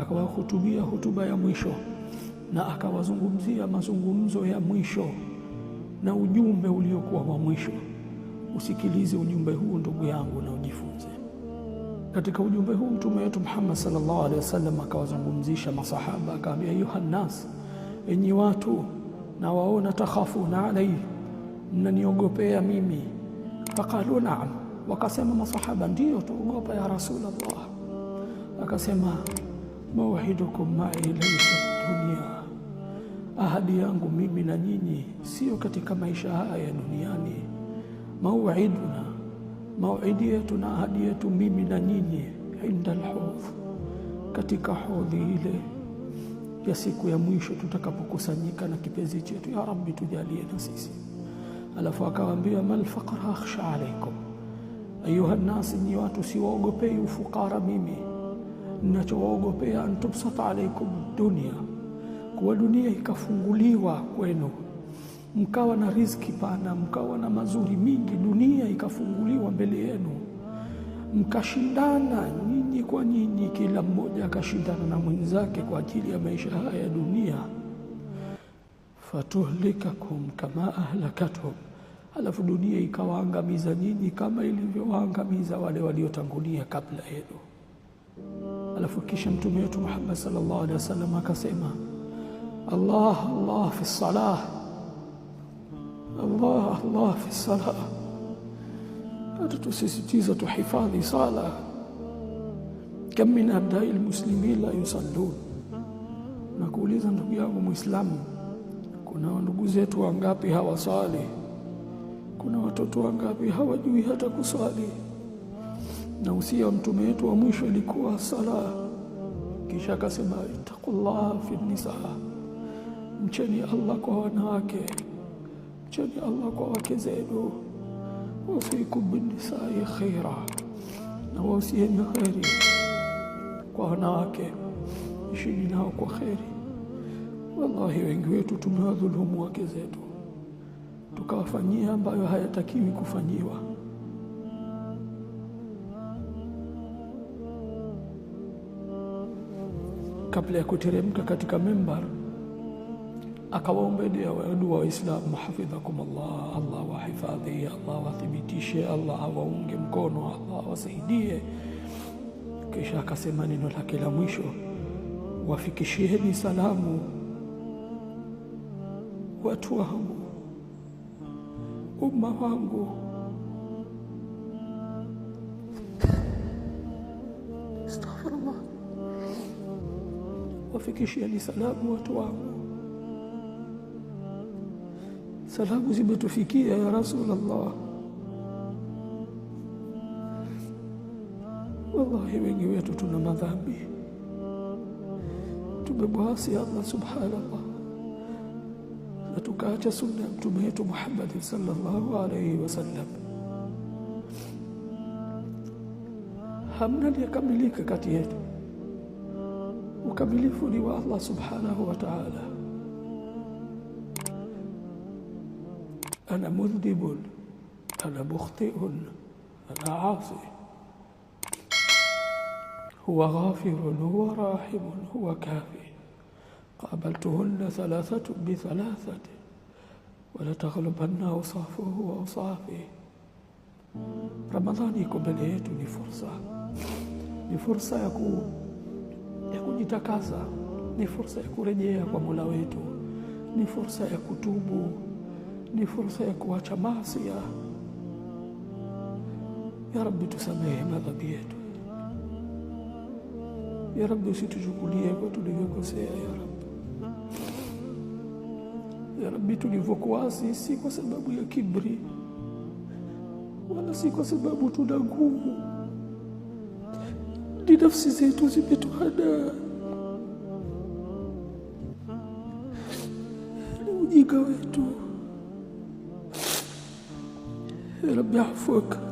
Akawahutubia hutuba ya mwisho na akawazungumzia mazungumzo ya mwisho na ujumbe uliokuwa wa mwisho. Usikilize ujumbe huu ndugu yangu, na ujifunze katika ujumbe huu. Mtume wetu Muhammad sallallahu alaihi wasallam akawazungumzisha masahaba, akawaambia ayuhannas, enyi watu, na waona takhafuna alai mnaniogopea mimi. Faqalu naam Wakasema masahaba, ndiyo tuogopa ya Rasulullah. Akasema mawahidukum ma ilaysa dunia, ahadi yangu mimi na nyinyi sio katika maisha haya ya duniani. Mauiduna, mauidi yetu na ahadi yetu mimi na nyinyi, inda alhudh, katika hodhi ile ya siku ya mwisho tutakapokusanyika na kipenzi chetu. Ya Rabbi tujalie na sisi. Alafu akawaambia mal faqra akhsha alaykum Ayuhannasi, nyi watu, siwaogopei ufukara mimi, ninachowaogopea antubsata alaikum dunia, kuwa dunia ikafunguliwa kwenu mkawa na riziki pana, mkawa na mazuri mingi, dunia ikafunguliwa mbele yenu, mkashindana nyinyi kwa nyinyi, kila mmoja akashindana na mwenzake kwa ajili ya maisha haya ya dunia. fatuhlikakum kama ahlakathum alafu dunia ikawaangamiza nyinyi kama ilivyowaangamiza wale waliotangulia kabla yenu. Alafu kisha mtume wetu Muhammad sallallahu alaihi wasallam akasema, Allah Allah fi salah, Allah Allah fi salah. Atatusisitiza tuhifadhi sala. Kam min abdai lmuslimin la yusallun. Nakuuliza ndugu yangu Mwislamu, kuna ndugu zetu wangapi hawasali? Kuna watoto wangapi hawajui hata kuswali? Na usia mtume wetu wa mwisho ilikuwa sala, kisha akasema ittaqullaha fi nisa, mcheni Allah kwa wanawake, mcheni Allah kwa wake zenu. Wasikum binnisai khaira, na wausieni kheri kwa wanawake, ishini nao kwa kheri. Wallahi, wengi wetu tumewadhulumu wake zetu tukawafanyia ambayo hayatakiwi kufanyiwa. Kabla ya kuteremka katika mimbar, akawaombelea wadua Waislamu, hafidhakum Allah allah wahifadhi, Allah wathibitishe, Allah awaunge mkono, Allah wasaidie Kisha akasema neno lake la mwisho, wafikishieni salamu watu wangu umma wangu. Astaghfirullah, wafikishieni salamu watu wangu. Salamu zimetufikia ya Rasulullah. Wallahi, wengi wetu tuna madhambi, tumemwasi Allah subhanallah tukaacha sunna ya mtume wetu Muhammad sallallahu alaihi wasallam. Hamna aliyekamilika kati yetu, ukamilifu ni wa Allah subhanahu wa ta'ala. Ana mudhibun, ana mukhtiun, ana aasi, huwa ghafirun, huwa rahimun, huwa kafir qabaltuhunna thalathatu bi thalathati wala taghlubanna awsafuhu wa awsafi. Ramadhani iko mbele yetu, ni fursa, ni fursa ya ku ya kujitakasa, ni fursa ya kurejea kwa Mola wetu, ni fursa ya kutubu, ni fursa ya kuacha maasi. Ya Rabbi, tusamehe madhambi yetu. Ya Rabbi, usituchukulie kwa tulivyokosea. Ya Rabbi Rabbi, tulivyokuwa si kwa sababu ya kibri wala si kwa sababu tuna nguvu, ni nafsi zetu zimetuhadaa na ujinga wetu. Rabbi, afuka